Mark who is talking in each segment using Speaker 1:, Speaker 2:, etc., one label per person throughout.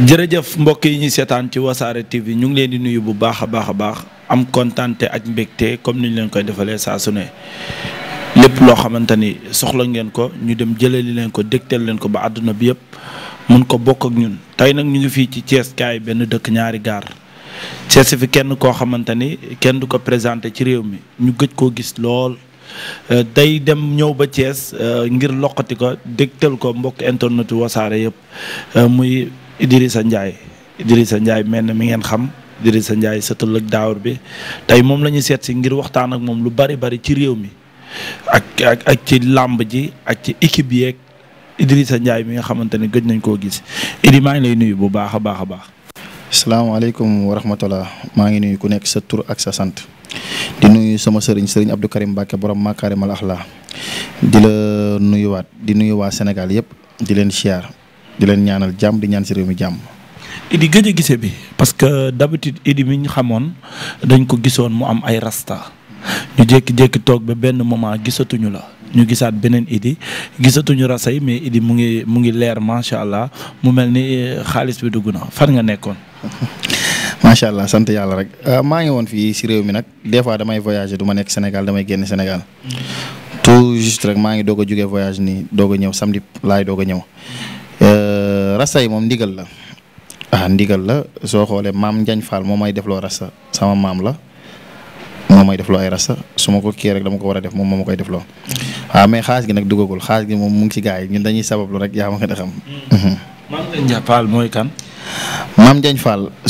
Speaker 1: jërëjëf mbokk yi ñu seetaan ci wasaare TV ñu ngi leen di nuyu bu baax a baax a baax am kontante ak mbégte comme ni ñu leen koy defalee saa su ne lépp loo xamante ni soxla ngeen ko ñu dem jëlali leen ko dégtal leen ko ba àdduna bi yëpp mun ko bokk ak ñun tey nag ñu ngi fii ci Thiès kaay benn dëkk ñaari gaar Thiès fi kenn koo xamante ni kenn du ko présenté ci réew mi ñu gëj koo gis lool. Euh, day dem ñëw ba Thiès euh, ngir loqati ko dégtal ko mbokk internetu wasaare yëpp euh, Idrissa Ndiaye Idrissa Ndiaye mel na mi ngeen xam Idrissa Ndiaye sa tëllëg daawar bi tey moom la ñu seet si ngir waxtaan ak moom lu bari bari ci réew mi ak ak ak ci làmb ji ak ci équipe yeeg Idrissa Ndiaye mi nga xamante ne gëj nañ koo gis Idi maa ngi lay nuyu bu baax a baax a baax.
Speaker 2: salaamaaleykum wa rahmatulah maa ngi nuyu ku nekk sa tur ak sa sant di nuyu sama sëriñ sëriñ Abdou Karim Mbacke borom Makarimal Axlaa di la nuyuwaat di nuyu waa Sénégal yëpp di leen siyaar di leen ñaanal jàmm di ñaan si réew mi jàmm.
Speaker 1: Idi gëj a gise bi parce que d'habitude Idi mi ñu xamoon dañ ko gisoon mu am ay rasta
Speaker 2: ñu jékki-jékki toog ba
Speaker 1: benn moment gisatuñu la ñu gisaat beneen Idi gisatuñu rasta yi mais Idi mu ngi mu ngi
Speaker 2: leer macha
Speaker 1: allah mu mel ni eh, xaalis bi dugg na fan nga nekkoon.
Speaker 2: macha allah sant yàlla rek euh, maa ngi woon fii si réew mi nag des fois damay voyager du ma nekk Sénégal damay génn Sénégal. Mm. tout juste rek maa ngi doog a jógee voyage nii doog a ñëw samedi laay doog a ñëw. Euh, rasta yi moom ndigal la ah ndigal la soo xoolee maam Njañ Fall moo may def loo rasta sama maam la moo may def loo ay rasta su ma ko kii rek dama ko war a def moom moom ma koy def loo waaw mm-hmm. ah, mais xaas gi nag duggagul xaas gi moom mu ci gars yi ñun dañuy sabablu rek yaa ma gën a xam. Mm-hmm. Mm-hmm. maam Njañ Fall mooy kan. maam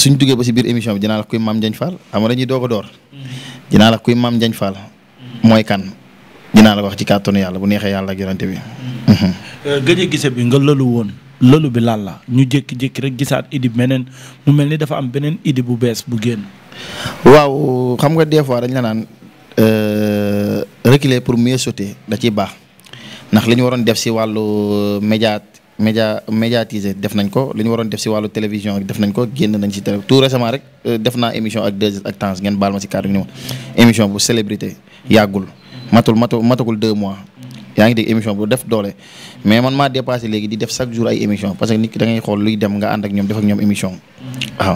Speaker 2: suñ duggee ba si biir émission bi dinaa la kuy maam Njañ Fall xam nga dañuy doog a door. dinaa maam Njañ Fall mooy kan. dinaa la wax ci kàttanu yàlla bu neexee yàlla ak yonante bi. Mm-hmm.
Speaker 1: Euh, gëj a bi nga lëlu woon lëlu bi lan la ñu jékki-jékki rek gisaat idi beneen mu mel ni dafa am beneen idi bu bees
Speaker 2: bu génn. waaw xam nga des fois dañ la naan euh, reculer pour mieux sauter da ciy baax ndax li ñu waroon def si wàllu euh, médiat média médiatiser def nañ ko li ñu waroon def si wàllu télévision def nañ ko génn nañ ci télé tout récemment rek def na émission ak deux ak ngeen baal ma si kàddu gi ni ma émission matul matul deux mois. yaa ngi dégg émission bu def doole mais man maa dépassé léegi di def chaque jour ay émission parce que nit ki da ngay xool luy dem nga ànd ak ñoom def ñoom émission. waaw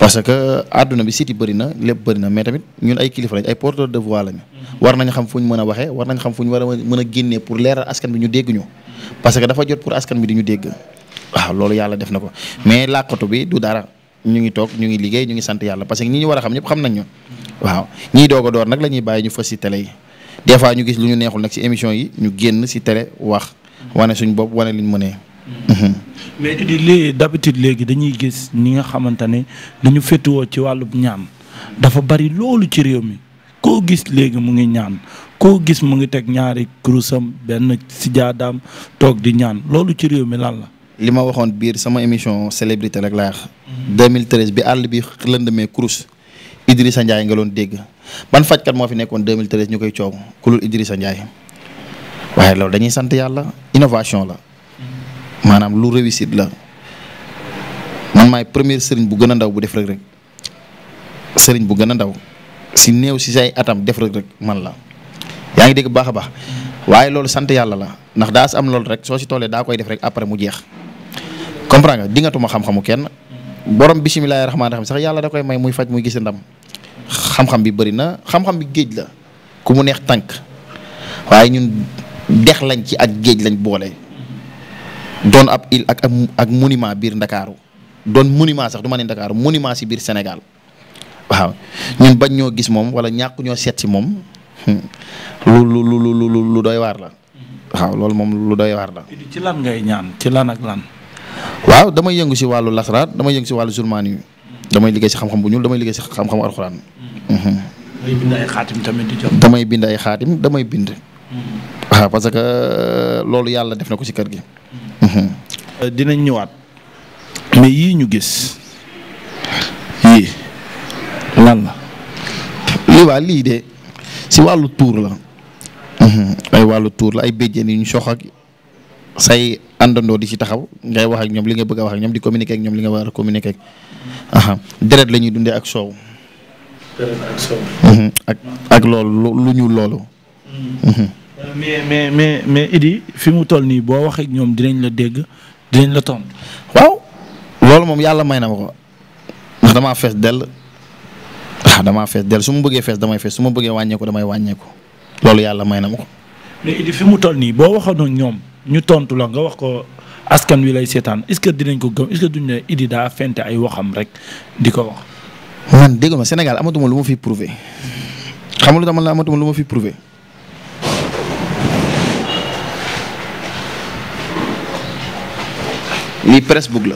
Speaker 2: parce que àdduna bi siti bëri lépp bëri na mais tamit ñun ay kilifa lañ ay porteur de voix lañu. war nañ xam fu ñu mën a waxee war nañ xam fu ñu a mën a génnee pour leeral askan bi ñu dégg ñu. parce que dafa jot pour askan bi di ñu dégg waaw loolu yàlla def na ko mais bi du ñu ngi toog ñu ngi liggéey ñu ngi sant yàlla parce que ñi ñu war la ñu fës des fois ñu gis lu ñu neexul nag ci émission yi ñu génn ci tere wax wane suñ bopp wane liñ mënee. Mm-hmm.
Speaker 3: Mm-hmm.
Speaker 1: mais di lii d'habitude léegi dañuy gis ñi nga xamante ne dañu féetewoo ci wàllub ñaan dafa bari loolu ci réew mi ko gis léegi mu ngi ñaan koo gis mu ngi teg ñaari kurusam benn sijaadaam toog di ñaan loolu ci réew mi lan
Speaker 2: la. li ma waxoon biir sama émission célébrité rek laa wax. 2013 mm-hmm. bi àll bi lëndamee kurus Idrissa Ndiaye nga loon dégg. ban fajkat moo fi nekkoon 2013 ñu koy coow ku lul Idrissa Ndiaye waaye loolu dañuy sant yàlla innovation la maanaam lu réusit la man maay premier sëriñ bu gën a ndaw bu def Reug Reug sëriñ bu gën a ndaw si néew si say atam def Reug Reug man la yaa ngi dégg baax a waaye loolu sant yàlla la ndax daa si am loolu rek soo si tollee daa koy def rek après mu jeex comprendre nga dingatuma xam-xamu kenn borom bisimilah rahmaani rahim sax yàlla da koy may muy faj muy gis ndam. xam-xam bi bëri na xam-xam bi géej la ku mu neex tànk waaye ñun dex lañ ci ak géej lañ boole doon ab île ak ak monument biir ndakaaru doon monument sax du ma ne ndakaaru monument si biir Sénégal waaw ñun bañ ñoo gis moom wala ñàkk ñoo seet si moom hmm, lu lu lu lu lu doy waar la waaw loolu moom lu doy waar la. ci lan ngay ñaan ci lan ak lan. waaw damay yëngu si wàllu lasraar damay yëngu si wàllu zulmaan yi damay liggéey si xam-xam bu ñuul damay liggéey si xam-xamu alxuraan. Mm-hmm. damay bind ay xaatim damay bind ay xaatim mm-hmm. ah, parce que euh, loolu yàlla def na ko ci kër gi. Mm-hmm. Euh, dinañ ñëwaat mais yii ñu gis lan la. lii waa lii de si wàllu tuur la. ay wàllu tuur la ay béjjén yu ñu sox say. àndandoo di ci taxaw ngay wax ñoom li nga bëgg a wax ak ñoom di communiquer ñoom li nga war a communiquer deret la ñuy dundee ak soow. deret ak soow. Mhm. ak ak loolu lu ñuul loolu.
Speaker 3: Mm-hmm. Mhm.
Speaker 1: mais mais mais fi mu toll nii boo waxee ñoom dinañ la dégg
Speaker 2: dinañ la tontu. waaw loolu moom yàlla may na ma ko ndax damaa fees dell ah su ma bëggee fees damay su ma bëggee wàññeeku damay wàññeeku loolu may na ñoom.
Speaker 1: ñu tontu la nga wax ko askan wi lay seetaan est-ce que dinañ ko gëm est-ce que duñ ne Idy daa fente ay waxam rek di ko wax.
Speaker 2: man dégg ma Sénégal amatuma lu ma fi prouvé xam lu dama la amatuma lu ma fi prouver lii presse bug la.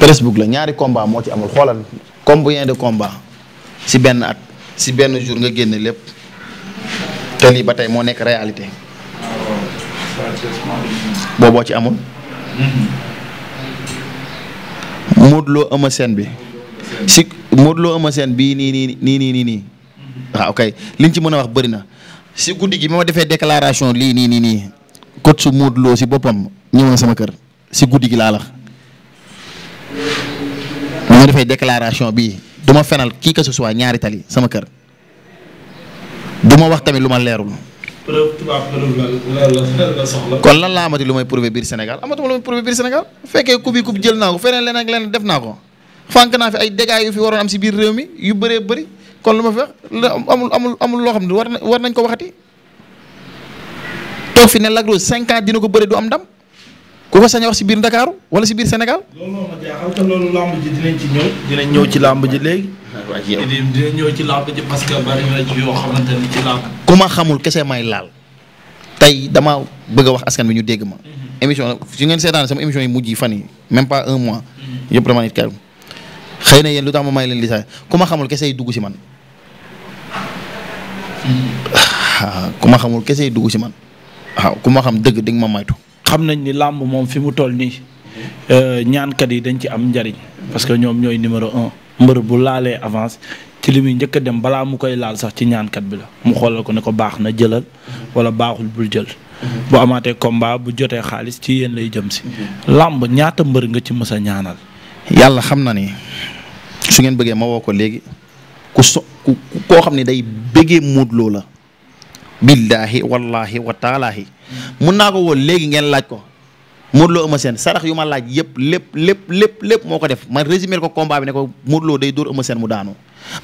Speaker 2: presse bug la ñaari combat moo ci amul xoolal combien de combat si benn at. si benn jour nga génne lépp te lii ba tey moo nekk réalité booboo ci amul Modou Lo Eumeu Sène bi si Modou Lo Eumeu Sène bii nii nii nii nii nii nii waaw ah, liñ ci mën a wax bëri na si guddi gi bi ma defee déclaration lii nii nii nii kot su Modou Lo si boppam ñëw sama kër si guddi gi laa la bi ma defee déclaration bii du ma fenal kii que ce ñaari tali sama kër du ma wax tamit lu ma leerul. kon lan laa amati lu may prouver biir Sénégal amatuma lu may prouver biir Sénégal bu fekkee coupe yi coupe jël naa ko feneen leneen ak leneen def naa ko fànk naa fi ay dégâts yu fi waroon am si biir réew mi yu bëree bëri kon lu ma fi wax amul amul amul loo xam ne war nañ ko waxati toog fi ne Lac Rose dina ko bëri du am ndam. ku sañ a wax si biir Ndakaaru wala si biir Sénégal. loolu dinañ ci ñëw. dinañ ci làmb ji léegi.
Speaker 1: dinañ ñëw ci làmb ji parce que
Speaker 2: xamul kese may laal tey damaa bëgg a askan bi ñu dégg ma. Mhm. émission su ngeen seetaan sama émission yi mujj yi fan yi même pas un mois. Mhm. yëpp dama na yéen lu tax ma may leen lisaay xamul kese yi dugg si man. Mhm. Ah, ku xamul kese yi dugg si man waaw ah, ku ma xam dëgg di ma maytu.
Speaker 1: xam nañ ni làmb moom fi mu toll nii euh, ñaankat yi dañ ci am njariñ parce que ñoom ñooy numéro un mbër bu laalee avance ci li muy njëkk dem balaa mu koy laal sax ci ñaankat bi la mu xoolal ko ne ko baax na jëlal wala baaxul bul jël. bu amaatee combat bu jotee xaalis ci yéen lay jëm si.
Speaker 2: làmb ñaata mbër nga ci mës a ñaanal. yàlla xam na ni su ngeen bëggee ma woo ko léegi ku koo xam ni day bëggee Modou Lo la. billaahi wallaahi wa taalaahi mun naa ko woo léegi ngeen laaj ko Modou Lo Eumeu sarax yu ma laaj yëpp lépp lépp lépp lépp moo ko def man résumé ko combat bi ne ko Modou Lo day dóor mu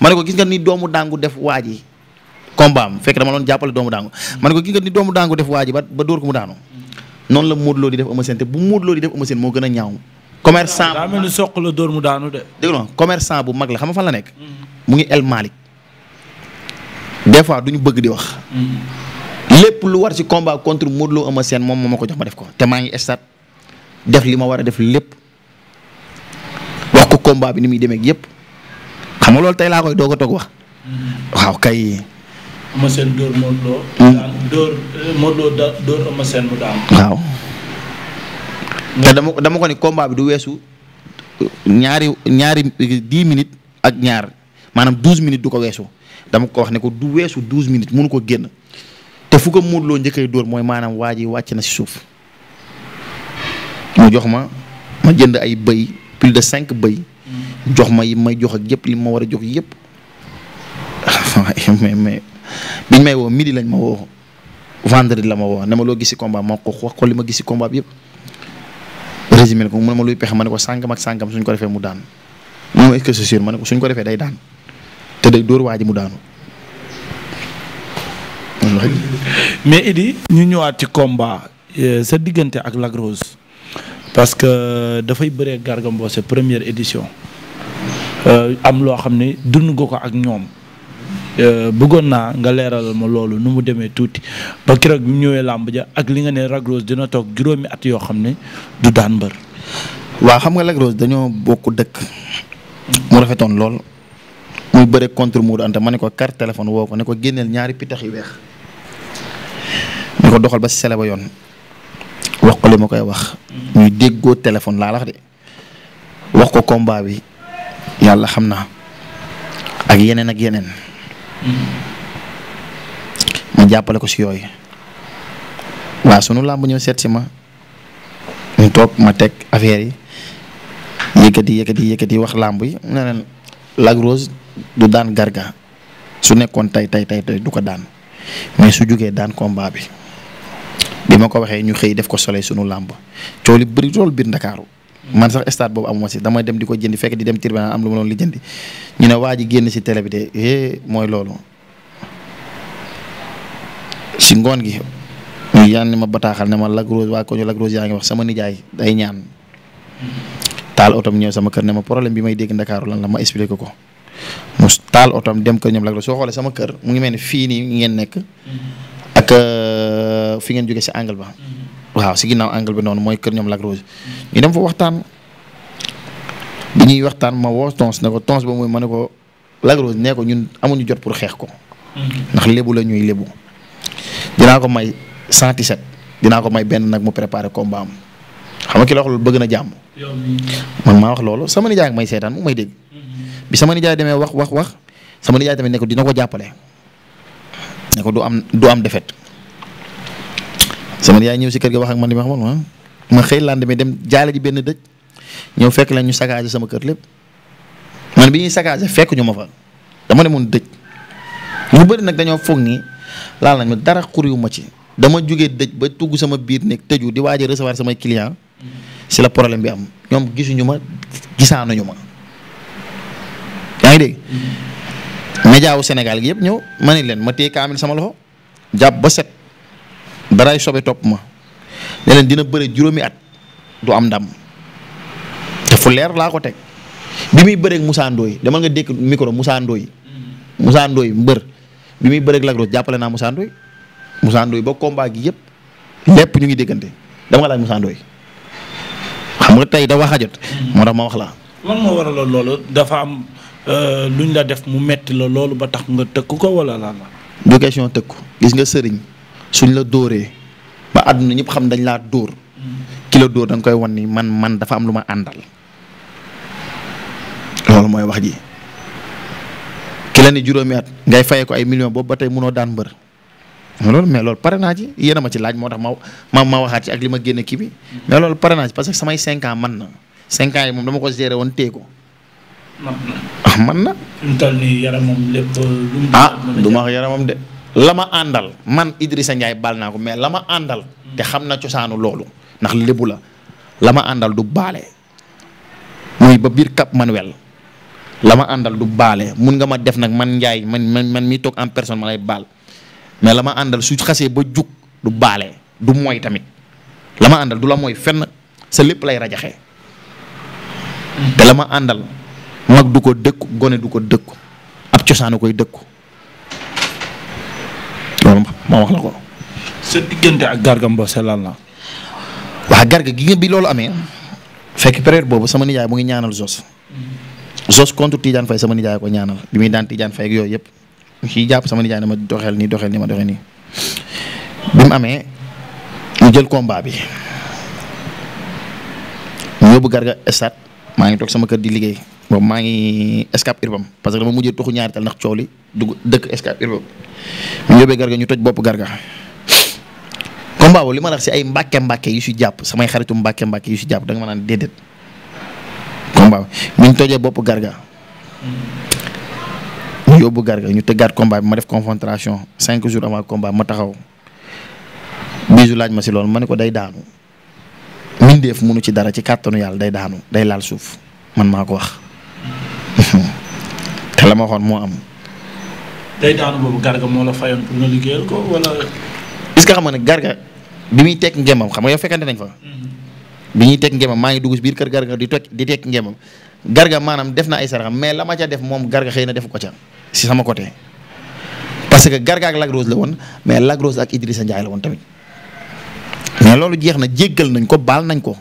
Speaker 2: ma ne ko gis nga ni doomu daangu ma ne ko gis nga ni doomu daangu mu daanu noonu la Modou Lo di def Eumeu Sène te bu Modou Lo di def Eumeu Sène a ñaaw commerçant daa mel ni soq la dóor mu daanu de dégg nga commerçant bu mag la xam nga fan la ngi El Malick des fois duñu bëgg di wax mm. lépp lu war ci combat contre Modou Lo Eumeu Sène moom moo ma ko jox ma def ko te maa ngi stade def li ma war a def lépp wax ko combat bi ni muy demee yépp xam nga loolu tey laa koy doog a toog wax. kay. Eumeu Sène dóor Modou hmm. euh, te dama dama ko ni combat bi du weesu ñaari ñaari dix minutes ak ñaar maanaam douze minutes du ko weesu dama ko wax ne ko du weesu douze minutes mënu ko génn. te fu loo Modou Lo dóor mooy maanaam waa ji wàcc na si suuf mu jox ma ma jënd ay bëy plus de cinq bëy jox ma yi may jox ak yëpp li ma war a jox yëpp mais mais biñ may woo midi lañ ma woo vendredi la ma woo ne ma loo gis si combat ma ko ko li ma gis si combat yëpp yëpp résumé ko mu ne ma luy pexe ma ne ko sàngam ak sàngam suñ ko defee mu daan mu ne ma est ne ko suñ ko defee day daan te day dóor waa ji mu daanu
Speaker 1: mais Idi ñu ñëwaat ci komba euh, sa diggante ak lagros parce que euh, dafay bëree Garga première édition euh, am loo xam ne dund nga ko ak ñoom bëggoon naa nga leeralal ma loolu nu mu demee tuuti ba keroog bi ñëwee làmb ja ak li nga ne Lac Rose dina toog juróomi at yoo xam ne du
Speaker 2: daan mbër. waa xam nga lagros dañoo bokk dëkk. mu rafetoon lool. muy bëre contre mu Anta ma ne ko carte téléphone woo ko ne ko génneel ñaari pitax yu weex. ni ko doxal ba si sele yoon wax ko li ma koy wax. ñuy déggoo téléphone laa lax de wax ko combat bi yàlla xam naa ak yeneen ak yeneen. ma jàppale ko si yooyu. waa sunu làmb ñoo seet si ma ñu toog ma teg affaire yi yëkkati yëkkati yëkkati wax làmb yi ne leen Lac du daan garga su nekkoon tey tey tey du ko daan mais su jógee daan combat bi. bi ma ko waxee ñu xëy def ko soleil sunu làmb coow li bëri lool biir ndakaaru man sax stade boobu amuma si dama dem di ko jëndi fekk di dem tribunal am lu ma doon li jëndi ñu ne waa ji génn si télé bi de eh, mooy loolu. si ngoon gi ñu yaan ma bataaxal ne ma lagros Rose waa ko ñu Lac yaa ngi wax sama nijaay day ñaan taal otom ñëw sama kër ne ma problème bi may dégg ndakaaru lan la ma expliqué ko mu taal otom dem kër ñoom Lac Rose soo xoolee sama kër mu ngi mel ni ngeen nekk fi ngeen jóge si angle ba. waaw si ginnaaw angle bi noonu mooy kër ñoom Lac Rose. ñu dem fa waxtaan bi ñuy waxtaan ma woo tons ne ko tons ba muy ma ne ko Lac Rose nee ko ñun amuñu jot pour xeex ko. ndax lébu la ñuy lébu. dinaa ko may 117 dinaa ko may benn nag mu préparé combat am xam nga ki la wax loolu bëgg na jàmm. man maa wax loolu sama nijaay ak may seetaan mu may dégg. bi sama nijaay demee wax wax wax sama nijaay tamit ne ko dina ko jàppale. ne ko du am du am defet sama yaay ñëw si kër gi wax ak man li ma xamoon ma ah. ma xëy lendemain dem jaale ji benn dëj ñëw fekk la ñu saccagé sama kër lépp man bi ñuy saccagé fekk ñu ma fa dama demoon dëj mu bëri nag dañoo foog nii laal nañ ma dara xuriwu ma ci dama jóge dëj ba tugg sama biir nekk tëju di waaja a recevoir samay client si la problème bi am ñoom gisuñu ma gisaanuñu ma yaa ngi dégg. Mm-hmm. média wu gi yëpp ñëw ma ne leen ma téye kaamil sama loxo jàpp ba set. daraay sobe topp ma ne leen dina bëre juróomi at du am ndam te fu leer laa ko teg bi muy bëreeg musaandooy Ndoye nga dékk micro Moussa Ndoye Moussa Ndoye mbër bi muy bëreeg Lac jàppale naa Moussa musaandooy Moussa Ndoye ba combat gi yëpp lépp ñu ngi déggante dama nga laaj Moussa xam nga tey da wax a jot. moo tax ma wax la
Speaker 1: lan moo waral loolu dafa am euh, luñ la def mu metti la loolu ba tax nga tëkk ko wala lan la.
Speaker 2: du question tëkku gis nga sëriñ suñ la dóoree ba àdduna ñëpp xam dañ laa dóor mm. ki la dóor da nga koy wan ni man man dafa am lu ma àndal loolu mooy wax ji ki la ni juróomi at ngay fayee ko ay millions boobu ba tey munoo daan mbër loolu mais loolu pare naa ci yéen ma ci laaj moo tax ma ma ma waxaat ci ak li ma génn kii bi mais loolu pare naa ci parce que samay 5 ans man na 5 yi moom dama ko gérer woon téye ko. man na ah man na. fi mu toll nii yaramam lépp. ah du la ma àndal man Idrissa Ndiaye baal naa ko mais la ma àndal te xam na cosaanu loolu ndax lébu la la ma àndal du baale muy ba biir Cap Manuel la ma àndal du baale mun nga ma def nag man Ndiaye man man man mi toog en personne ma lay baal mais la ma àndal su xasee ba jug du baale du mooy tamit la ma àndal du la mooy fenn sa lépp lay rajaxee te la ma àndal mag du ko dëkku gone du ko dëkku ab cosaanu koy dëkku ma ma wax la ko. sa diggante ak garga Mbossé lan la. waa garga gi nga bi loolu amee. fekk période boobu sama nijaay mu ngi ñaanal Zos. Zos contre Tidiane Faye sama nijaay ko ñaanal bi muy daan Tidiane Faye yooyu yëpp. ñu ciy jàpp sama nijaay dama doxeel nii doxeel nii ma doxee nii. bi mu amee ñu jël combat bi. ñu yóbbu garga stade maa ngi toog sama kër di liggéey. boobu maa ngi escape urbam parce que dama mujjee tuxu ñaari tal ndax coow li dëkk escape urbam ñu yóbbee garga ñu toj bopp garga combat li ma la si ay mbàkke mbàkke yu si jàpp samay xaritu mbàkke mbàkke yu si jàpp da ma naan déedéet combat bi ñu tojee bopp garga ñu yóbbu garga ñu tëggaat combat ma def confrontation cinq jours avant combat ma taxaw bisu laaj ma si loolu ma ne ko day daanu mindeef munu ci dara ci kàttanu yàlla day daanu day laal suuf man maa ko wax te la ma waxoon moo am.
Speaker 1: day daanu boobu garga moo la fayoon pour nga liggéeyal ko wala.
Speaker 2: est xam ne garga bi muy tekk ngémbam xam nga yow fekkante nañ fa. Mm-hmm. bi ñuy tekk ngémbam maa ngi dugg si biir kër garga di toj di tekk ngémbam garga maanaam def na ay saraxam mais la ma ca def moom garga xëy na def ko ca si sama côté. parce que garga ak lagrose la woon mais lagrose ak Idrissa Ndiaye la woon tamit mais loolu jeex na jéggal nañ ko baal nañ ko.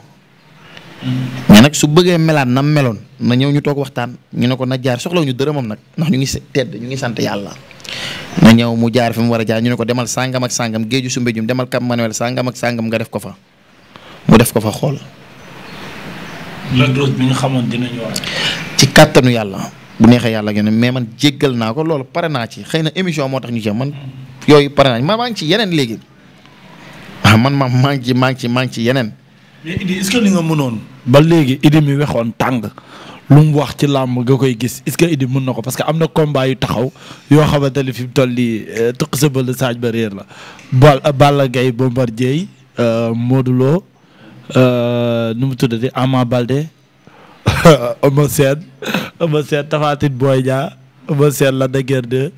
Speaker 2: mais nag su bëggee melaat na meloon na ñëw ñu toog waxtaan ñu ne ko na jaar soxlawu ñu dërëmam nag ndax ñu ngi tedd ñu ngi sant yàlla. na ñëw mu jaar fi mu war a jaar ñu ne ko demal sàngam ak sàngam géeju su mbéjum demal Cap Manuel sàngam ak sàngam nga def ko fa mu def ko fa xool. Lac
Speaker 1: Rose bi nga
Speaker 2: ci kàttanu yàlla bu neexee yàlla ngeen mais man jéggal naa ko loolu pare naa ci xëy na émission moo tax ñu jëm man yooyu pare naa ci maa ngi ci yeneen léegi ah man maa ngi ci maa ngi ci maa ngi ci yeneen.
Speaker 1: mais Idi li nga mënoon ba léegi Idi mi wexoon tàng lu mu wax ci làmm nga koy gis est-ce que mën na ko parce que am na combat yu taxaw yoo xamante ne fi mu toll nii euh, tuq sa bël saaj ba réer la Bal Balla Gaye Bombardier euh, Modou Lo euh, nu mu tuddati Ama Balde Eumeu Sène Eumeu Sène Tapha Tine Boy Niang Eumeu Sène de Guiers 2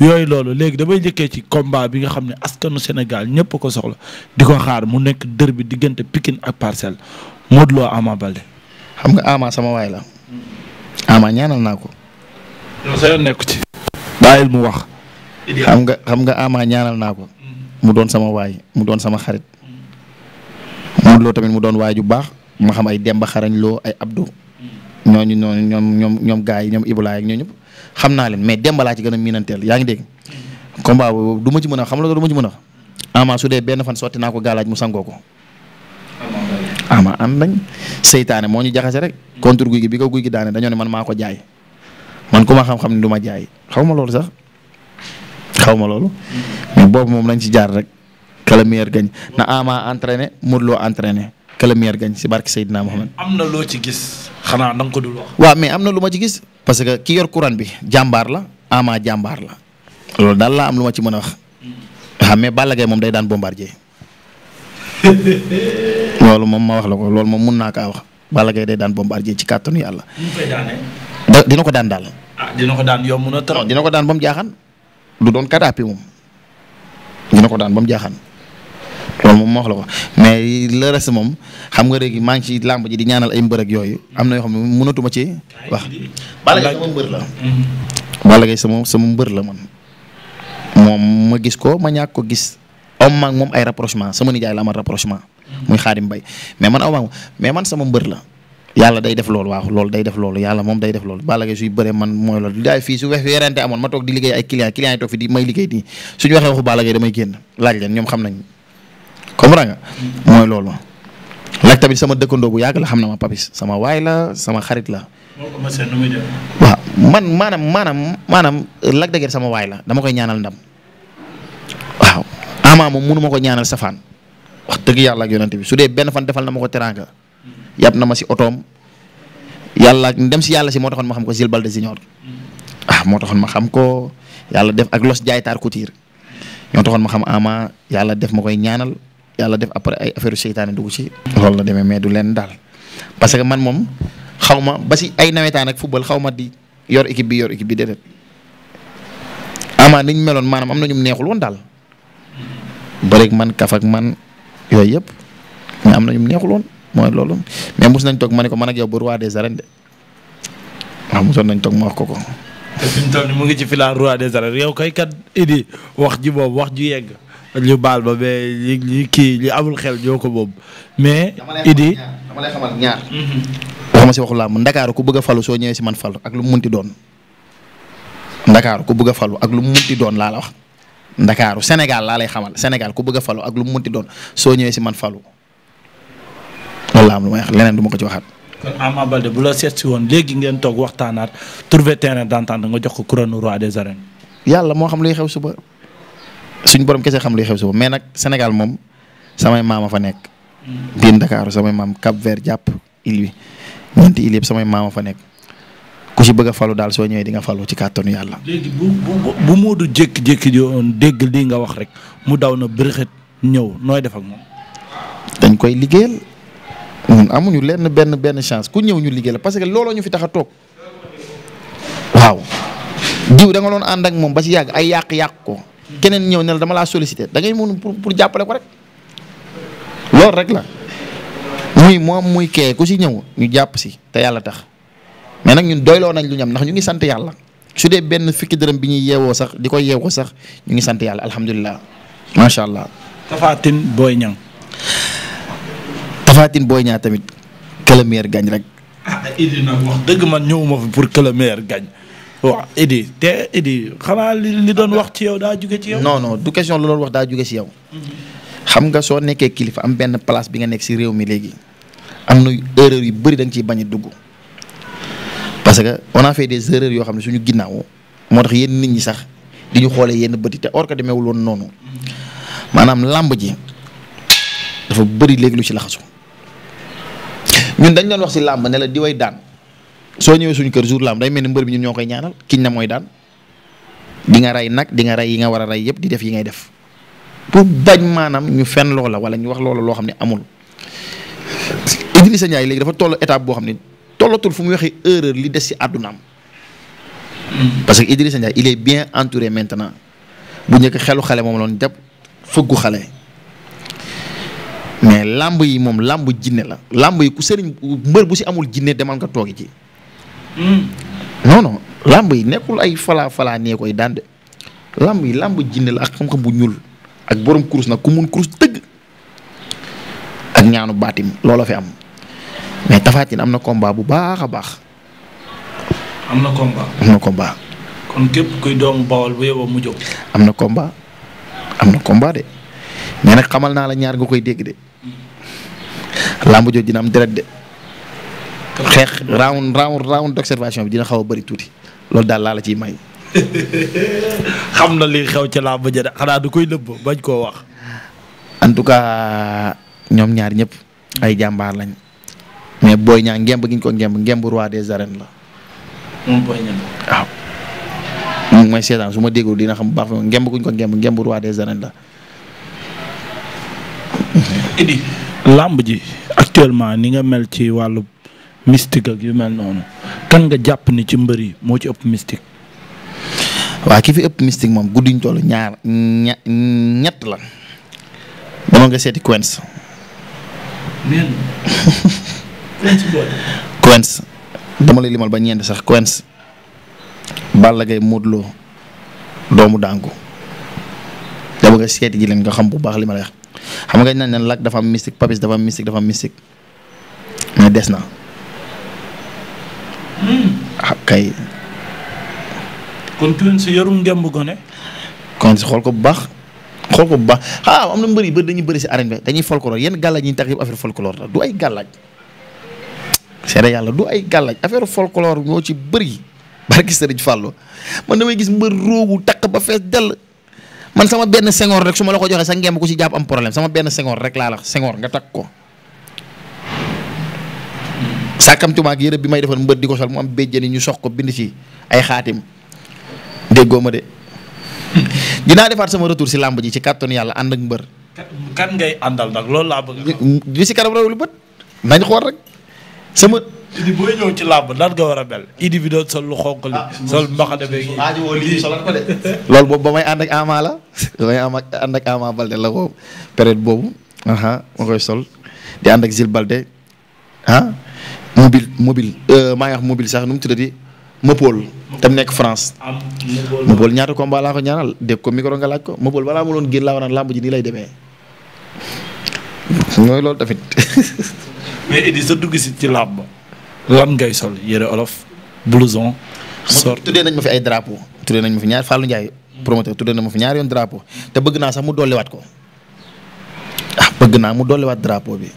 Speaker 1: yooyu loolu léegi damay njëkkee ci combat bi nga xam ne askanu Sénégal ñëpp ko soxla di ko xaar mu nekk dër bi diggante Pikine ak parcelle Modou
Speaker 2: Lo Ama Baldé. xam nga Ama sama waay la. Ama ñaanal naa ko. nekku ci. bàyyil mu wax. xam nga xam nga Ama ñaanal naa ko. mu doon sama waay mu doon sama xarit. Modou Lo tamit mu doon waay ju baax ma xam ay Demba Xarañ Lo ay Abdou. Mm. ñooñu ñooñu ñoom ñoom ñoom gars yi ñoom Ibou Laye xam naa leen mais Demba laa ci gën a miinanteel yaa ngi dégg. combat boobu du ma ci mën a xam la du ma ci mën ama su dee benn fan sotti naa ko gaalaaj mu sangoo ko. ama am nañ seytaane moo ñu jaxase rek. contre guy gi bi ko guy gi daane dañoo ne man maa ko jaay man ku ma xam-xam ne du jaay xaw ma loolu sax xaw ma loolu. boobu moom lañ ci jaar rek. que le meilleur gagne na ama entraîné Modou Lo entraîné que le meilleur gagne si barke Seydina Mohamed.
Speaker 1: am na gis. xanaa da nga ko wax.
Speaker 2: waaw mais am na lu ma ci gis parce que ki yor Quran bi jàmbaar la ama jàmbaar la loolu daal laa am lu ci mën a wax. waaw ah, mais Balla Gaye moom day daan bombardier loolu moom ma wax la ko loolu moom mun naa kaa wax Balla Gaye day daan bombardier ci kàttanu yàlla. dina ko daan daal. ah dina ko daan yomb na trop. dina ko daan ba mu jaaxaan du doon kadaapi moom dina ko daan ba mu jaaxaan. loolu moom moo wax la ko mais la reste moom xam nga léegi maa ngi ci làmb ji di ñaanal ay mbër yooyu am na yoo xam ne mënatuma ci wax. Balla sama mbër la. man moom ma gis ko ma ñàkk ko gis am ak moom ay rapprochement sama nijaay la amal rapprochement. muy Xaadim Bay mais man aw ma mais man sama mbër la. yàlla day def loolu waaw loolu day def loolu yàlla moom day def loolu Balla suy bëree man mooy loolu daay fii su wex werante amoon ma toog di liggéey ay client client yi toog fi di may liggéey nii suñu waxee waxu Balla Gaye damay génn laaj xam nañ comprends nga mooy loolu ma Lac tamit sama dëkkandoo bu yàgg la xam na ma Papis sama waay la sama xarit la.
Speaker 1: waaw
Speaker 2: man maanaam maanaam maanaam Lac sama waay la dama koy ñaanal ndam waaw ama moom mënu ma ko ñaanal safaan wax dëgg yàlla ak yonent bi su dee benn fan defal na ma ko teraanga yàpp na ma si otoom yàlla dem si yàlla si moo taxoon ma xam ko Zil Balde Junior ah, moo taxoon ma xam ko yàlla def ak los jaaytaar couture ñoo taxoon ma xam ama yàlla def ma koy ñaanal yàlla def après ay affaire seytaane dugg ci. loolu la demee mais du leen daal parce que man moom xaw ma ba si ay nawetaan ak football xaw ma di yor équipe bi yor équipe bi déedéet amaa niñ meloon maanaam am na ñu neexul woon daal bëreeg man kaf man yooyu yëpp mais am na ñu neexul woon mooy loolu mais mos nañ toog ma ne ko man ak yow bu roi des arènes de waaw nañ toog ma wax ko ko.
Speaker 1: te mu ngi ci filaan roi des arènes yow kay kat Idi wax ji boobu wax ji yegg. ñu
Speaker 2: baal ba mais ñi ñi kii ñi amul xel ñoo ko moom
Speaker 1: mais. idi
Speaker 2: dama lay xamal ñaar. Mhm. waxuma si waxu ndakaaru ku bëgg a falu soo ñëwee si man falu ak lu mu munti doon. ndakaaru ku bëgg a ak lu mu munti doon la wax. ndakaaru Sénégal laa xamal Sénégal ku bëgg a falu ak lu mu munti doon soo ñëwee si man falu. loolu am lu may wax leneen du ma ko ci waxaat.
Speaker 1: kon Ama bu la seet si woon léegi ngeen toog waxtaanaat trouver terrain d'entente nga
Speaker 2: jox ko couronne roi des arènes. yàlla moo xam luy xew suba. suñ borom kese xam luy xew suba mais nag Sénégal moom samay maama fa nekk. biir Dakar samay maam Cap Vert jàpp île bi ñeenti île yëpp samay maama fa nekk ku si bëgg a falu daal soo ñëwee di nga falu ci kàttanu yàlla.
Speaker 1: bu bu
Speaker 2: du Modou jékki-jékki doon dégg lii nga wax rek mu daw na bërëxët ñëw nooy def ak moom. dañ koy liggéeyal ñun amuñu lenn benn benn chance ku ñëw ñu liggéeyal parce que looloo ñu fi tax a toog waaw jiw da nga ànd ak moom ba ci yàgg ay yàq-yàq ko. keneen ñëw ne dama laa sollicité da ngay mun pour pour jàppale ko rek loolu rek la muy moom muy kee ku si ñëw ñu jàpp si te yàlla tax mais nag ñun doyloo nañ lu ñam ndax ñu ngi sant yàlla su dee benn fukki dërëm bi ñuy yeewoo sax di ko yeewoo sax ñu ngi sant yàlla alhamdulilah macha allah. tafaatin booy Boy Niang. booy Tine tamit que le rek. nag
Speaker 1: ah, wax dëgg man ñëwuma fi pour que le waaw oh,
Speaker 2: Idi te Idi xanaa li doon wax ci yow daa jóge ci yow. non non du question lu doon wax daa jóge ci yow. xam nga soo nekkee kilifa am benn place bi nga nekk ci réew mi léegi am na erreur yi bëri da nga ciy bañ a dugg parce que on a fait des erreurs yoo xam ne suñu ginnaaw moo tax yenn nit ñi sax di ñu xoolee yenn bëti te or que noonu maanaam làmb ji dafa bëri léegi lu ci laxasu ñun dañ doon wax ci làmb ne la di way daan. soo ñëwee suñu kër jour lam day mel ni mbër bi ñun ñoo koy ñaanal kiñ na mooy daan di nga rey nag dinga nga rey yi nga war a rey yëpp di def yi ngay def pour bañ maanaam ñu fen la wala ñu wax loola loo xam ne amul. Idrissa Ndiaye léegi dafa toll étape boo xam ne tollatul fu mu waxee erreur li des ci àddunaam parce que Idrissa Ndiaye il est bien entouré maintenant bu njëkk xelu xale moom loon jàpp fëggu xale. mais làmb yi moom làmb jinne la làmb yi ku sëriñ mbër bu ci amul jinne demal nga toogi ci. non non yi nekkul ay falaa falaa nee koy daan de làmb yi làmb jinne la ak xam-xam bu ñuul ak boroom kurus nag ku mun kurus dëgg ak ñaanu baatim loola fi am mais Tapha am na combat bu baax a baax. am na combat am na combat.
Speaker 1: kon kuy doomu Bawol bu yeboo
Speaker 2: am na combat na de mais nag xamal naa la ñaar nga koy dégg de làmb jooju dina am deret de. xeex round round round d'observation bi dina xaw a bëri tuuti loolu daal laala la ciy may. xam na li xew ci làmb ja koy nëbb bañ koo wax. en tout cas ñoom ñaar ñëpp ay jàmbaar lañ mais booy ñaa ngemb gi ñu ko ngemb ngemb roi des la. moom mooy seetaan ma déggul dina xam bu ko ngemb ngemb roi des
Speaker 1: ji actuellement ni mel ci wàllu. mystique ak yu mel noonu kan nga jàpp ni ci mbër yi moo ci ëpp mystique.
Speaker 2: waaw ki fi ëpp mystique moom guddiñ toll ñaar ñett la. dama nga seeti Quench. Quench dama lay limal ba ñeent sax Quench. Balla Gaye doomu dàngu dama nga seeti ji nga xam bu baax li ma lay xam nga ñu naan Lac dafa am mystique Papis dafa am mystique dafa am mystique des na. kay. kon si yorum ngemb gone. Quench xool ko bu baax. xool ko bu baax ah am na mbër yu bëri dañuy bëri si arène bi dañuy folklore yenn gàllaaj yi ñu tax yëpp affaire folklore la du ay gàllaaj. seede yàlla du ay gàllaaj affaire folklore ñoo ci bëri barki Sëriñ Fallou man damay gis mbër roogu takk ba fees dell. man sama benn sengoor rek su ma la ko joxee sa ngemb ku ci jàpp am problème sama benn sengoor rek laa la sengoor nga takk ko. sàkkamtuma ak yére bi may defar mbër di ko sol mu am béjjani ñu sox ko bind ci ay xaatim déggoo ma de dinaa defaat sama retour ci làmb ji ci kàttanu yàlla ànd ak mbër. ngay àndal nag loolu laa bëgg li si kanam rawlu bët nañ xool rek sama.
Speaker 1: idi ci làmb nan war a mel. lu xonq li
Speaker 2: ah, loolu boobu ba may ànd ak Ama la ba may ànd ak Ama Balde la ko période boobu ma koy sol di ànd ak Zil mobile mobile euh, maa ngi mobile sax nu mu tuddati Mopol. tam nekk France. Mopol ñaata combat laa ko ñaanal dégg ko micro nga laaj ko Mopol balaa ma doon génn laa war làmb ji nii lay demee mooy loolu tamit. ci làmb lan ngay sol yére olof blouson. sort tuddee nañ ma fi ay drapeau tuddee nañ ma fi ñaar Fallou Ndiaye. promoteur tuddee nañ ma fi ñaar yoon drapeau te bëgg naa sax mu dolliwaat ko ah bëgg naa mu dolliwaat drapeau bi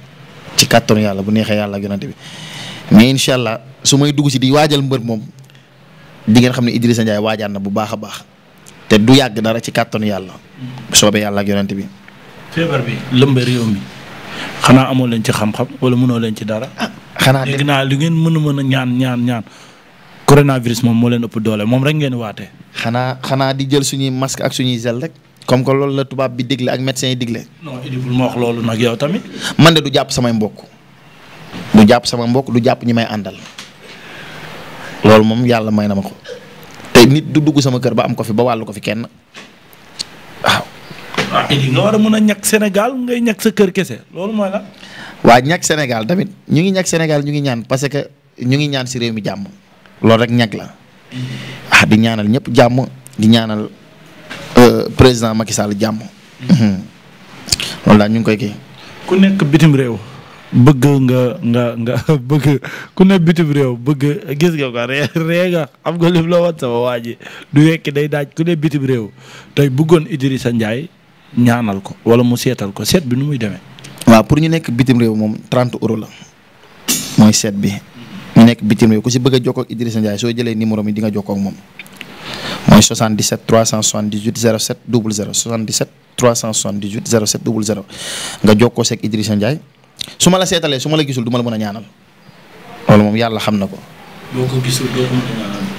Speaker 2: ci kàttanu yàlla bu neexee yàlla ak bi. mais incha allah su may dugg ci di waajal mbër moom di ngeen xam ne Idrissa Ndiaye waajaan na bu baax a baax te du yàgg dara ci kàttanu yàlla. soobee yàlla ak yonent bi. feebar bi xanaa amoo leen ci xam-xam wala mënoo leen ci dara. Ah,
Speaker 1: xanaa dégg naa li ngeen mën a mën a ñaan ñaan ñaan. coronavirus moom moo leen ëpp doole moom rek ngeen
Speaker 2: waate xanaa xanaa di jël suñuy masque ak suñuy gel rek. comme que loolu la tubaab bi digle ak médecin yi digle. non Idy bul ma wax loolu nag yow tamit. man de du jàpp samay mbokk. du jàpp sama mbokk du jàpp ñi may àndal loolu moom yàlla may na ma ko te nit du dugg sama kër ba am ko fi ba wàllu ko fi kenn
Speaker 1: waaw. waaw nga war a mën a
Speaker 2: ñàkk Sénégal ngay ñàkk sa kër kese loolu mooy la. waa ñàkk Sénégal tamit ñu ngi ñàkk Sénégal ñu ngi ñaan parce que ñu ngi ñaan si réew mi jàmm loolu rek ñàkk la ah di ñaanal ñëpp jàmm di ñaanal euh, président Macky Sall jàmm. Mm-hmm. loolu daal ñu ngi koy kii. ku nekk bitim réew. bëgg nga nga nga
Speaker 1: bëgg ku ne bitim réew bëgg gis nga ko ree ree nga xam nga lim la wan sama waa ji du wekki day daaj ku ne bitim réew tey bëggoon Idrissa Ndiaye ñaanal ko wala
Speaker 2: mu seetal ko seet bi nu muy demee. waaw pour ñu nekk bitim réew moom 30 euros la mooy seet bi ñu nekk bitim réew ku si bëgg a jokkoo ak Idrissa Ndiaye soo jëlee numéro mi di nga jokkoo ak moom mooy 77 378 07 00 77 378 07 00 nga jokkoo seeg Idrissa Ndiaye. su ma la seetalee su ma la gisul du ma la mën a ñaanal loolu moom yàlla xam na ko. boo ko gisul doo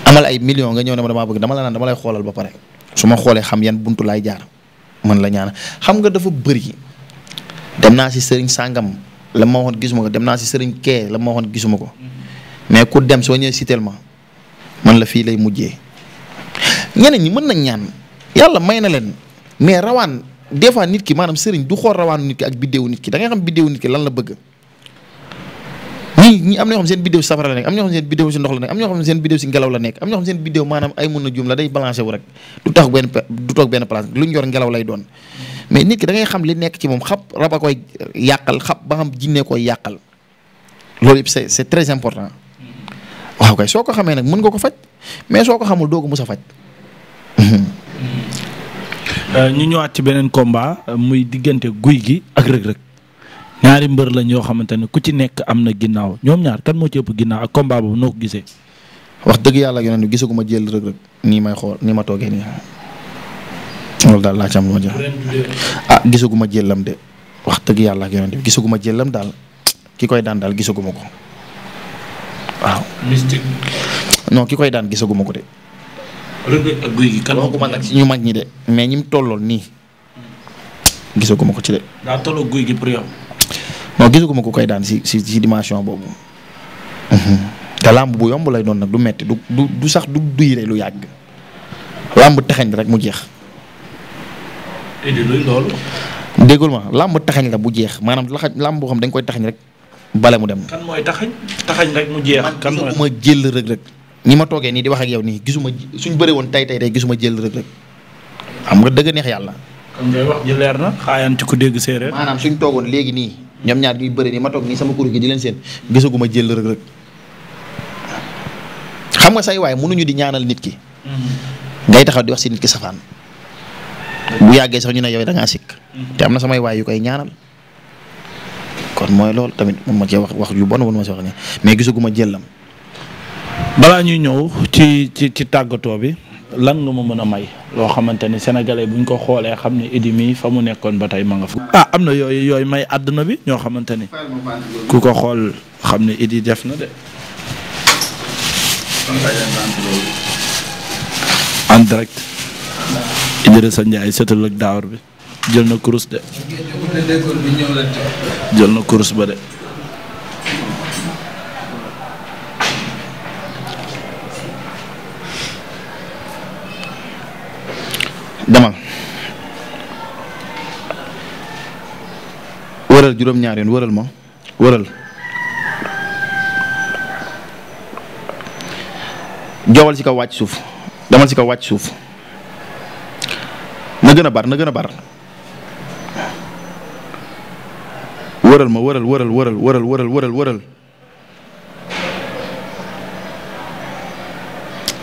Speaker 2: ay million nga ñëw ne ma damaa bëgg dama la naan dama lay xoolal ba pare su ma xoolee xam yan buntu laay jaar man la ñaanal xam nga dafa bëri dem naa si sëriñ sàngam la ma waxoon gisuma ko dem naa si sëriñ kee la ma waxoon gisuma ko mais ku dem soo ñëwee si teel man la fii lay mujjee ñeneen ñi mën nañ ñaan yàlla may na leen mais rawaan des fois nit ki maanaam sëriñ du xool rawaanu nit ki ak biddéewu nit ki da xam biddéewu nit ki lan la bëgg ñii ñi am na ñoo xam seen biddéew safara la nekk am ñoo xam seen biddéew si ndox la nekk am ñoo xam seen biddéew si ngelaw la nekk am ñoo xam seen biddéew maanaam ay mun a juum la day balancé wu rek du toog benn place lu ñu ngelaw lay doon mais nit ki da ngay xam li nekk ci moom xab rab a koy yàqal xab ba xam jinnee koy yàqal loolu yëpp c'est important waaw soo ko xamee nag mën nga ko faj mais soo ko xamul doo ko mus a faj
Speaker 1: Euh, ñu ñëwaat ci beneen combat euh, muy diggante guy gi ak rëg-rëg ñaari mbër lañ yoo xamante ne ku ci nekk am na ginnaaw ñoom
Speaker 2: ñaar kan moo ci ëpp ginnaaw ak combat boobu noo ko gisee. wax dëgg yàlla yoneen bi gisaguma nii may xool nii ma toogee nii loolu daal laa ah, gisaguma jëlam wax dëgg yàlla ak yoneen bi gisaguma jëlam daal ki koy daan daal gisaguma ko waaw. ki koy daan gisaguma ko de. rëgg gi kan waxuma ci ñu mag ñi de mais ñi mu tolloon nii gisaguma ko ci de. daa tolloo guy gi pour yow. non gisaguma ko koy daan si si si dimension boobu. Mhm. te làmb bu yomb lay doon nag du metti du du du sax du duyre lu yàgg. làmb taxañ rek mu jeex. loolu. déggul ma làmb taxañ la bu jeex maanaam laxa làmb boo xam dañ koy taxañ rek bale mu dem. kan mooy taxañ. taxañ rek mu jeex. kan mooy ma ni ma toogee nii di wax ak yow nii gisuma suñ bëri woon tay tay tey gisuma jël rek rek xam nga dëgg neex yàlla. kon leer na xaayaan ku dégg séeréer. maanaam suñ toogoon léegi nii ñoom ñaar ñuy bëri nii ma toog nii sama kuréel gi di leen seen gisaguma jël rek rek xam nga say waay mënuñu di ñaanal nit ki.
Speaker 3: Mm-hmm.
Speaker 2: ngay taxaw di wax si nit ki safaan. bu yàggee sax ñu ne yow da ngaa sikk. Mm-hmm. te am na samay waay yu koy ñaanal. kon mooy loolu tamit mun ma cee wax wax yu bon mun ma si wax ne mais
Speaker 1: balaa ñuy ñëw ci ci ci tàggatoo bi lan nga ma mën a may loo xamante ni sénégalais buñ ko xoolee xam ne Idy mii fa mu nekkoon ba tey ma nga fa. ah am na yooyu yooyu may àdduna bi ñoo xamante ni ku ko xool xam ne Idy def na de. en direct sa Ndiaye seetal ak daawar bi jël na kurus de. jël na kurus ba de.
Speaker 2: demal wëral juróom-ñaar yoon wëral ma wëral joowal si kaw wàcc suuf demal ci kaw wàcc suuf na gën a bar na gën a bar wëral ma wëral wëral wëral wëral wëral wëral wëral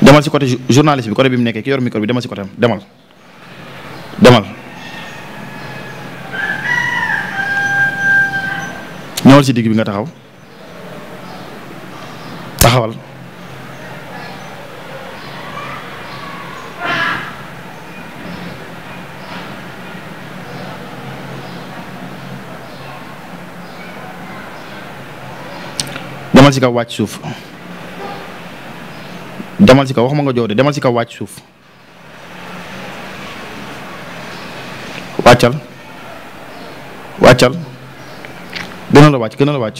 Speaker 2: demal ci côté journaliste bi côté bi mu nekkee ki yor micro bi demal si côté am demal demal ñëwal ci digg bi nga taxaw taxawal demal ci kaw wàcc suuf demal ci kaw ma nga jow de demal ci kaw wàcc suuf wàccal wàccal gën a wàcc gën wàcc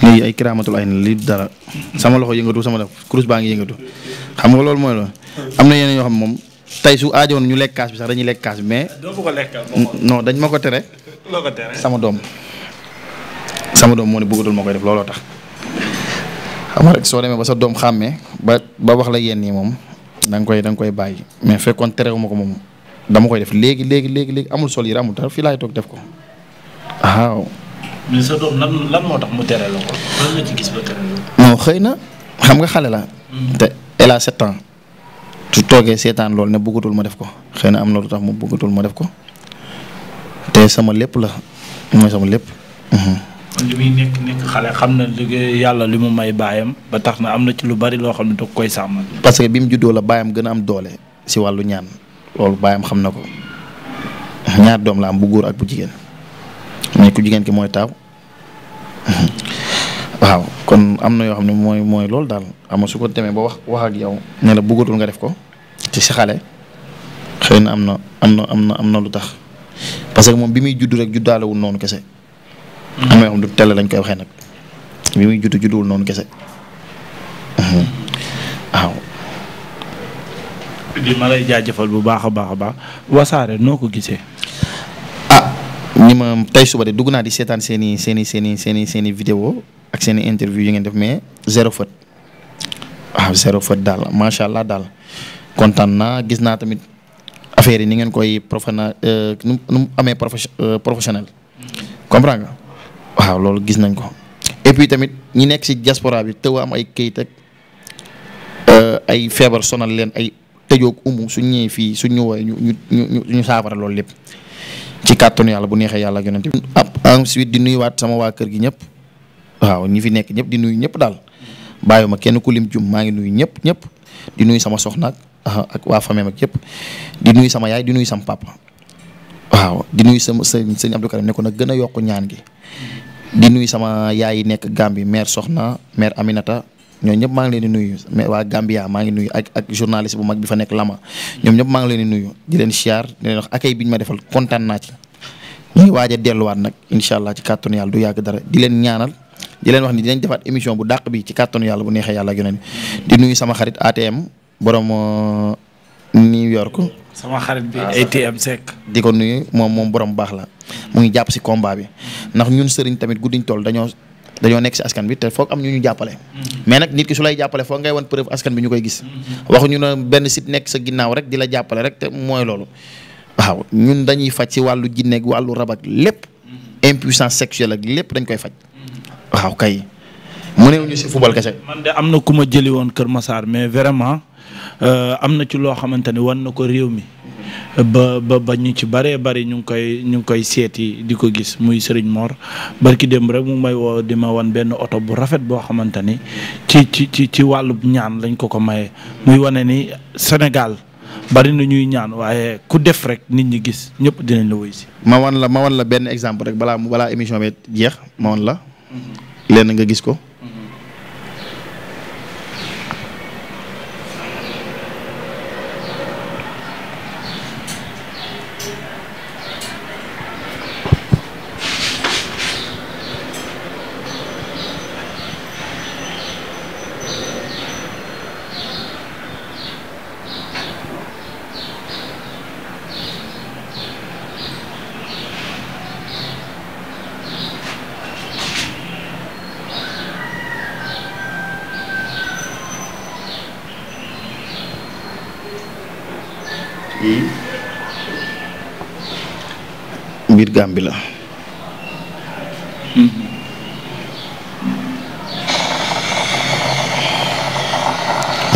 Speaker 2: lii ay kiraamatul ay li dara sama loxo yëngatu sama def kurus baa ngi yëngatu xam nga loolu mooy loolu am na yeneen yoo xam moom tey su aajoon ñu lekk kaas bi sax dañuy lekk bi mais. doo dañ ma ko tere sama doom. sama doom moo ne bëggatul ma koy def looloo tax xam rek soo demee ba sa doom xàmmee ba ba wax la yenn nii moom da nga koy danga koy bàyyi mais fekkoon terewuma ko moom dama koy def léegi léegi léegi léegi amul sol yi amul dara toog def ko waaw. mais sa doom mu tere la xëy na xam nga xale la. Hmm. te elle a sept ans. su toogee seetaan loolu ne buggatul ma def ko xëy na am na lu tax mu bëggatul ma def ko te sama lépp la mooy sama lépp.
Speaker 1: Hmm. kon li muy nekk nekk xale xam na liggéey yàlla li mu may baayam ba tax na am na ci lu bari loo xam ne doog koy sàmmal.
Speaker 2: parce que bi mu juddoo la baayam gën a am doole si wàllu ñaan loolu baayam xam na ko ñaar doom la am bu góor ak bu jigéen mais ku jigéen ki mooy taaw waaw kon am na yoo xam ne mooy mooy loolu am na su ko demee ba wax wax ak yow ne la buggatul nga def ko te si xale xëy na am na am na am na am na lu tax parce que moom bi muy judd rek juddaalewul noonu kese. am na yoo xam du télé lañ koy waxee nag bi muy juddu judduwul noonu kese waaw. di ma lay jaajëfal bu baax a baax a baax wasaare noo ko gisee. ah ñi ma tey suba de dugg naa di seetaan seen i seen i seen i seen i seen i vidéo ak seen i interview yi ngeen def mais zéro faute waaw ah, zéro faute daal macha allah daal kontaan naa gis naa tamit affaire yi ni ngeen koy profana euh, nu mu amee euh, professionnel mm-hmm. comprendre nga. waaw loolu gis nañ ko et puis tamit ñi nekk ci diaspora bi tëw am ay kayit ak euh, ay feebar sonal leen ay tëjoog umu suñ ñëwee fii suñ ñëwee ñu ñu loolu lépp ci kàttanu yàlla bu neexee yàlla ak yonent bi. ensuite di nuyuwaat sama waa kër gi ñëpp waaw ñi fi nekk ñëpp di nuyu ñëpp daal bàyyiwuma kenn ku lim jum maa ngi nuyu ñëpp ñëpp di nuyu sama soxnaak ak waa famille ak yëpp di nuyu sama yaay di nuyu sama pàppa waaw di nuyu sama sëñ sëñ Abdou Karim ne nag gën a yokk ñaan gi. di nuyu sama yaay yi nekk Gambie mère Soxna mère Aminata ñoom ñëpp maa ngi leen di nuyu mais waa Gambia maa ngi nuyu ak ak journaliste bu mag bi fa nekk Lama ñoom ñëpp maa ngi leen di nuyu di leen siyaar di leen wax accueil bi ma defal kontaan naa ci ñuy waaj delluwaat nag incha allah ci kàttanu yàlla du yàgg dara di leen ñaanal di leen wax ni dinañ defaat émission bu dàq bi ci kàttanu yàlla bu neexee yàlla ak yeneen di nuyu sama xarit ATM borom. Euh, New York.
Speaker 1: sama xarit bi ATM
Speaker 2: ah, Seck. di ko nuyu moom moom borom baax la mu ngi jàpp si combat bi ndax ñun sëriñ tamit guddiñ toll dañoo dañoo nekk si askan bi te foog am ñu ñu jàppale. Mm-hmm. mais nag nit ki su lay jàppale foog ngay wan preuve askan bi ñu koy gis. Mm-hmm. waxuñu ne benn site nekk sa ginnaaw rek di la jàppale rek te mooy loolu. waaw ñun dañuy faj si wàllu jinne ak wàllu rab ak lépp. Mm-hmm. impuissance sexuelle ak lépp dañ koy faj. waaw kay. mu ne ñu si
Speaker 1: football kese. man ku ma jëli woon Kër Massar mais vraiment. Euh, am na ci loo xamante ne wan na ko réew mi ba ba ba ñu ci baree bari ñu ngi koy ñu ngi koy seeti di ko gis muy sëriñ Mor barki démb rek mu may woo di ma wan benn oto bu rafet boo xamante ni ci ci ci ci wàllu ñaan lañ ko ko maye muy wane ni Sénégal
Speaker 2: bari na ñuy ñaan waaye ku def rek nit ñi gis ñëpp dinañ la woy si. ma wan la ma wan la benn exemple rek balaa balaa émission bi jeex ma wan la. lenn nga gis ko. biir Gàmbi la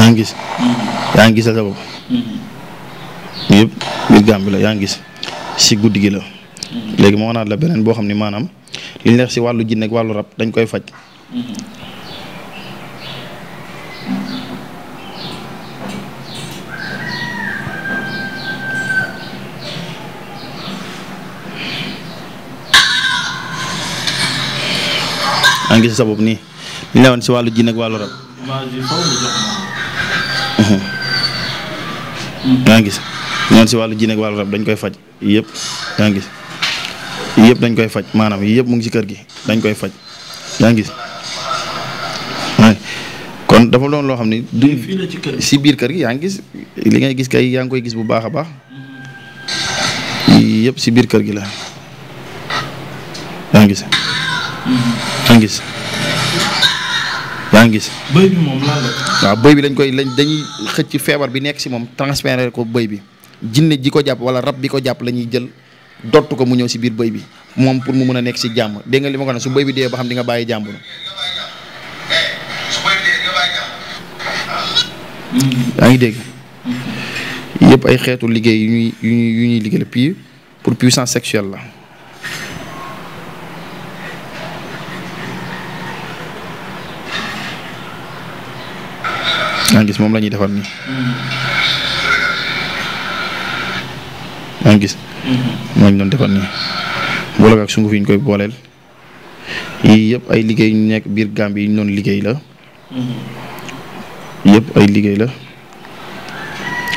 Speaker 2: yaa ngi gis yaa ngis gisal sa bopp yëpp Gàmbi la yaa ngis gis si guddi gi la léegi moo naat la beneen boo xam ni maanaam li ñu leex si wàllu jinne ak wàllu rab dañ koy faj ngi si sa bopp nii li newoon si wàllu jinn ak wàllu rab. yaa ngis gis si wàllu jinn ak dañ koy faj yëpp yaa ngi dañ koy faj maanaam yëpp mu ngi si kër gi dañ koy faj yaa ngi kon dafa doon loo xam ne si biir kër gi yaa ngi li ngay gis kay yaa ngi koy gis bu baax a baax mm-hmm. yëpp si biir kër gi la yaa ngi mm-hmm. yaa ngi yaa ngi gis. bëy waaw bëy bi dañ koy lañ dañuy xëcc feebar bi nekk ci moom transféré ko bëy bi jinne ji ko jàpp wala rab bi ko jàpp lañuy jël dott ko mu ñëw si biir bëy bi moom pour mu mën a nekk si jàmm dégg nga li ma ko ne su bëy bi dee ba xam di nga bàyyi jàmm. yaa ngi dégg yëpp ay xeetu liggéey yu ñuy yu ñuy yu ñuy liggéey la pour puissance sexuelle la. maa ngi gis moom la ñuy defar nii. maa ngi gis. maa ngi doon defar nii. boole ak sunguf yi ñu koy booleel yii yëpp ay liggéey yu nekk biir Gàmbi yi ñu doon liggéey la. yëpp ay liggéey la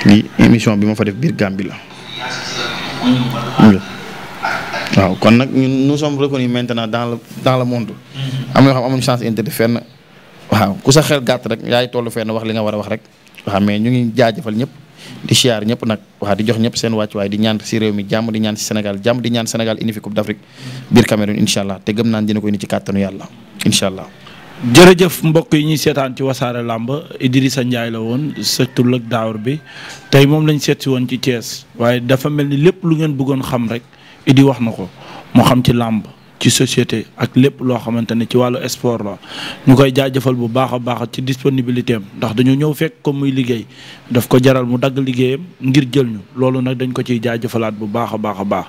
Speaker 2: lii émission bi ma fa def biir Gàmbi la. waaw kon nag ñun nous sommes reconnus maintenant dans le monde. am xam amuñu chance intérêt fenn. waaw ku sa xel gàtt rek yaay tollu fenn wax li nga war a wax rek waaw mais ñu ngi jaajëfal ñëpp di ñëpp nag waaw di jox ñëpp seen wàccuwaay di ñaan si réew mi jàmm di ñaan si Sénégal jàmm di ñaan Sénégal indi fi Coupe d'Afrique biir Cameroun incha te gëm naan dina ko indi ci kàttanu yàlla incha allah. jërëjëf mbokk yi
Speaker 1: ñuy seetaan ci wasaare làmb di di sa Ndiaye la woon sëtul ak daawar bi tey moom lañ seet si woon ci Thiès waaye dafa mel ni lépp lu ngeen bëggoon xam rek Idi wax na ko moo xam ci làmb ci société ak lépp loo xamante ne ci wàllu esport la ñu koy jaajëfal bu baax a baax ci disponibilité am ndax dañu ñëw fekk ko muy liggéey daf ko jaral mu dagg liggéeyam ngir jël ñu loolu nag dañ ko ciy jaajëfalaat bu baax a baax a baax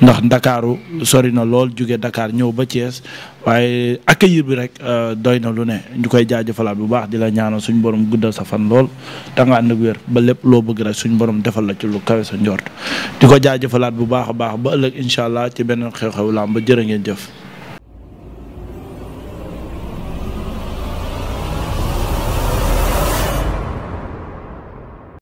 Speaker 1: ndax ndakaaru sori na lool jóge ndakaar ñëw ba Thiès waaye accueillir bi rek euh, doy na lu ne ñu koy jaajëfalaat bu baax di la ñaano suñu borom guddal sa fan lool da nga ànd ak ba lépp loo bëgg rek suñu borom defal la ci lu kawe sa njort di ko jaajëfalaat bu baax a baax ba ëllëg incha allah ci beneen xew-xew làmb ba jërë ngeen jëf.